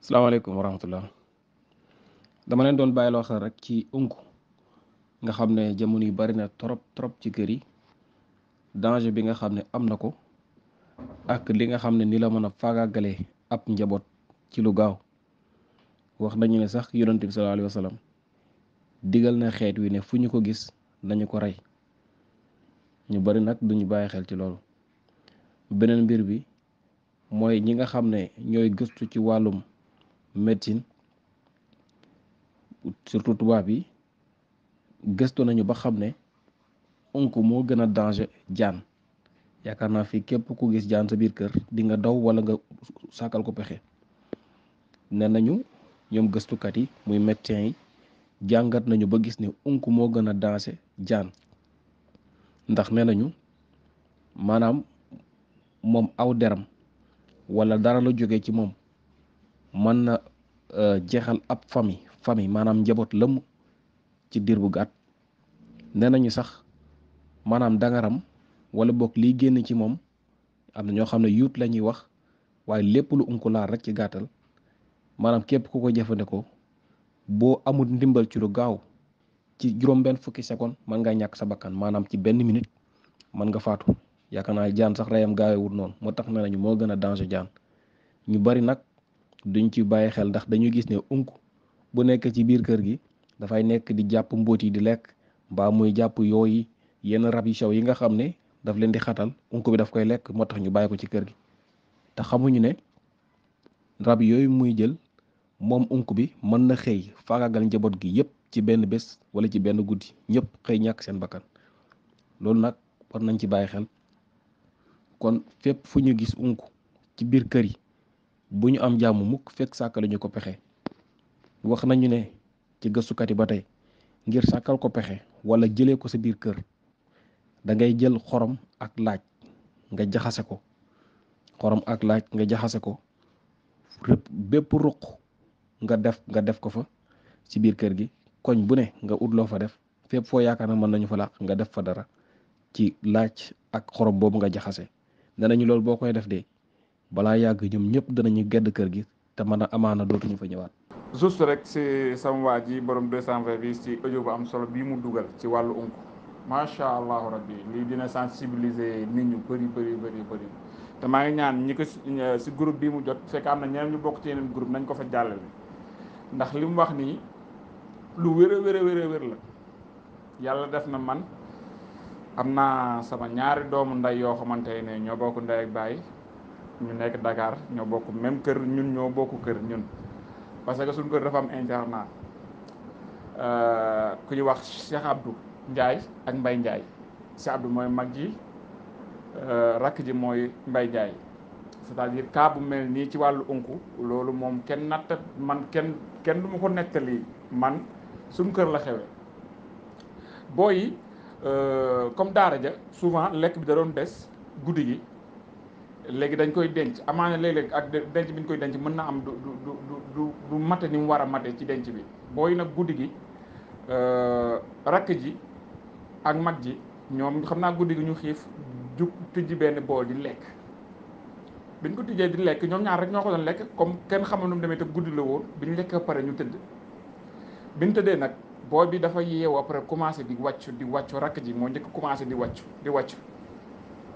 salaamaaleykum wa rahmatullah dama leen doon bàyyi loo xel rek ci unk nga xam ne jamono yu bari na trop trop ci kër yi danger bi nga xam ne am na ko ak li nga xam ne ni la mën a faagaagalee ab njaboot ci lu gaaw wax nañu ne sax yonante bi sallallahu alayhi wa digal na xeet wi ne fu ñu ko gis nañu ko rey ñu bari nag duñu bàyyi xel ci loolu beneen mbir bi mooy ñi nga xam ne ñooy gëstu ci wàllum médecine surtout tubaab yi gëstu nañu ba xam ne onk moo gën a danger jaan yaakaar naa fi képp ku gis jaan sa biir kër di nga daw wala nga sàkkal ko pexe ne nañu ñoom gëstukat yi muy médecin yi jàngat nañu ba gis ni onk moo gën a danger jaan ndax ne nañu maanaam moom aw deram wala dara la jóge ci moom man na euh, jeexal ab famille famille maanaam njaboot lëmm ci diir bu gàtt nee nañu sax maanaam dangaram wala boog lii génn ci moom am na ñoo xam ne yuut la ñuy wax waaye lépp lu unkulaar rek ci gàttal maanaam képp ku ko jëfandikoo boo amul ndimbal ci lu gaaw ci juróom-benn fukki seconde mën nga ñàkk sa bakkan maanaam ci benn minute mën nga faatu yaakaar naa jaan sax reyam gaawewut noonu moo tax na nañu moo gën a danger jaan ñu bari nag duñ ci bàyyi xel ndax dañu gis ne unk bu nekkee ci biir kër gi dafay nekk di jàpp mbóot yi di lekk mbaa muy jàpp yooyu yenn rab yu sew yi nga xam ne daf leen di xatal unk bi daf koy lekk moo tax ñu bàyyi ko ci kër gi te xamuñu ne rab yooyu muy jël moom unk bi mën na xëy faagaagal njaboot gi yépp ci benn bés wala ci benn guddi ñëpp xëy ñàkk seen bakkan loolu nag war nañ ci bàyyi xel kon fépp fu ñu gis unk ci biir kër yi bu ñu am jàmm mukk fekk sàkkal ñu ko pexe wax nañu ne ci gëstukat yi ba tey ngir sàkkal ko pexe wala jëlee ko sa biir kër da ngay jël xorom ak laaj nga jaxase ko xorom ak laaj nga jaxase ko bépp ruq nga def nga def ko fa ci biir kër gi koñ bu ne nga ut loo fa def fépp foo yaakaar na mën nañu fa làq nga def fa dara ci laaj ak xorom boobu nga jaxase nee nañu loolu boo koy def de balaa yàgg ñoom ñëpp danañu gedd kër gi te mën a amaana dootuñu fa ñëwaat. juste rek si sama waa ji borom 220 bi si audio bu am solo bii mu dugal ci wàllu unk macha allah rabbi lii dina sensibiliser nit ñu bëri bëri bëri bëri te maa ngi ñaan ñi ko si groupe bi mu jot fekk am na ñeneen ñu bokk ci yeneen groupe nañ ko fa jàllale ndax li mu wax nii lu wér a wér la yàlla def na man am naa sama ñaari doomu nday yoo xamante ne ñoo bokk ndey ak baay ñu nekk Dakar ñoo bokk même kër ñun ñoo bokk kër ñun parce que suñu kër dafa am internat euh, ku ñu wax Cheikh njaay ak mbay Ndiaye Cheikh Abdou mooy mag ji euh, rakk ji mooy Mbaye Ndiaye c'est-à-dire cas bu mel nii ci wàllu unku loolu moom kenn natt man kenn kenn du ma ko nettali man suñu kër la xewe booy yi euh, comme daara ja souvent lekk bi da doon des guddi gi léegi dañ koy denc amaana léeg-léeg ak denc bi ñu koy denc mën naa am du du du du du mate ni mu war a mate ci denc bi booy nag guddi gi euh, rakk ji ak mag ji ñoom xam naa guddi gi ñu xiif ju tijji benn bool di lekk biñ ko tijjee di lekk ñoom ñaar rek ñoo ko doon lekk comme kenn xamul nu mu demee te guddi la woon biñ lekk ba pare ñu tëdd bi ñu tëddee nag bool bi dafa yeewu après commencé di wàccu di wàccu rakk ji moo njëkk commencé di wàccu di wàccu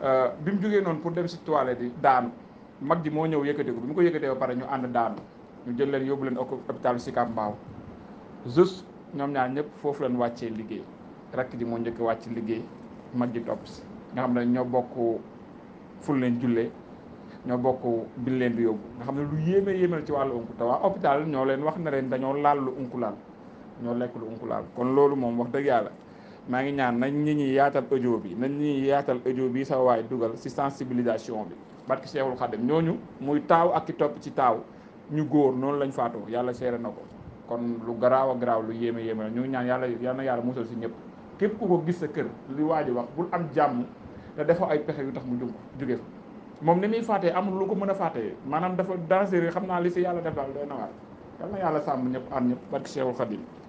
Euh, bi mu jógee noonu pour dem si toilette yi daanu mag ji moo ñëw yëkkati ko bi mu ko yëkkatee ba pare ñu ànd daanu ñu jël leen yóbbu leen si Sicap Mbao juste ñoom ñaar ñëpp foofu leen wàccee liggéey rakk ji moo njëkk wàcc liggéey mag ji topp si nga xam ne ñoo bokk ful leen jullee ñoo bokk bin leen bi yóbbu nga xam ne lu yéeme yéeme la ci wàllu unku te waa hôpital ñoo leen wax ne leen dañoo laal lu unku laal ñoo lekk lu unku laal kon loolu moom wax dëgg yàlla maa ngi ñaan nañ nit ñi yaatal audio bi nañ nit ñi yaatal audio bi sax waaye dugal si sensibilisation bi barki Cheikhul Khadim ñooñu muy taaw ak ki topp ci taaw ñu góor noonu lañ faatoo yàlla seere na ko kon lu garaaw a garaaw lu yéeme yéeme ñu ngi ñaan yàlla yal na yàlla musal si ñëpp képp ku ko gis sa kër li waa ji wax bul am jàmm te defoo ay pexe yu tax mu jug juge fa moom ni muy faatee amul lu ko mën a faatee maanaam dafa dangereux xam naa li si yàlla def daal doy na waar yàlla sàmm ñëpp ànd ñëpp barki Cheikhul Khadim